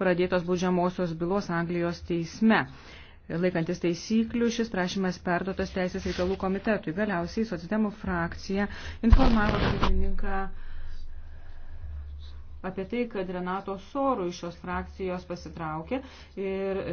pradėtos būdžiamosios bylos Anglijos teisme. Laikantis taisyklių, šis prašymas perduotas Teisės reikalų komitetui. Galiausiai Socialdemų frakcija informavo pirmininką apie tai, kad Renato Soru iš šios frakcijos pasitraukė ir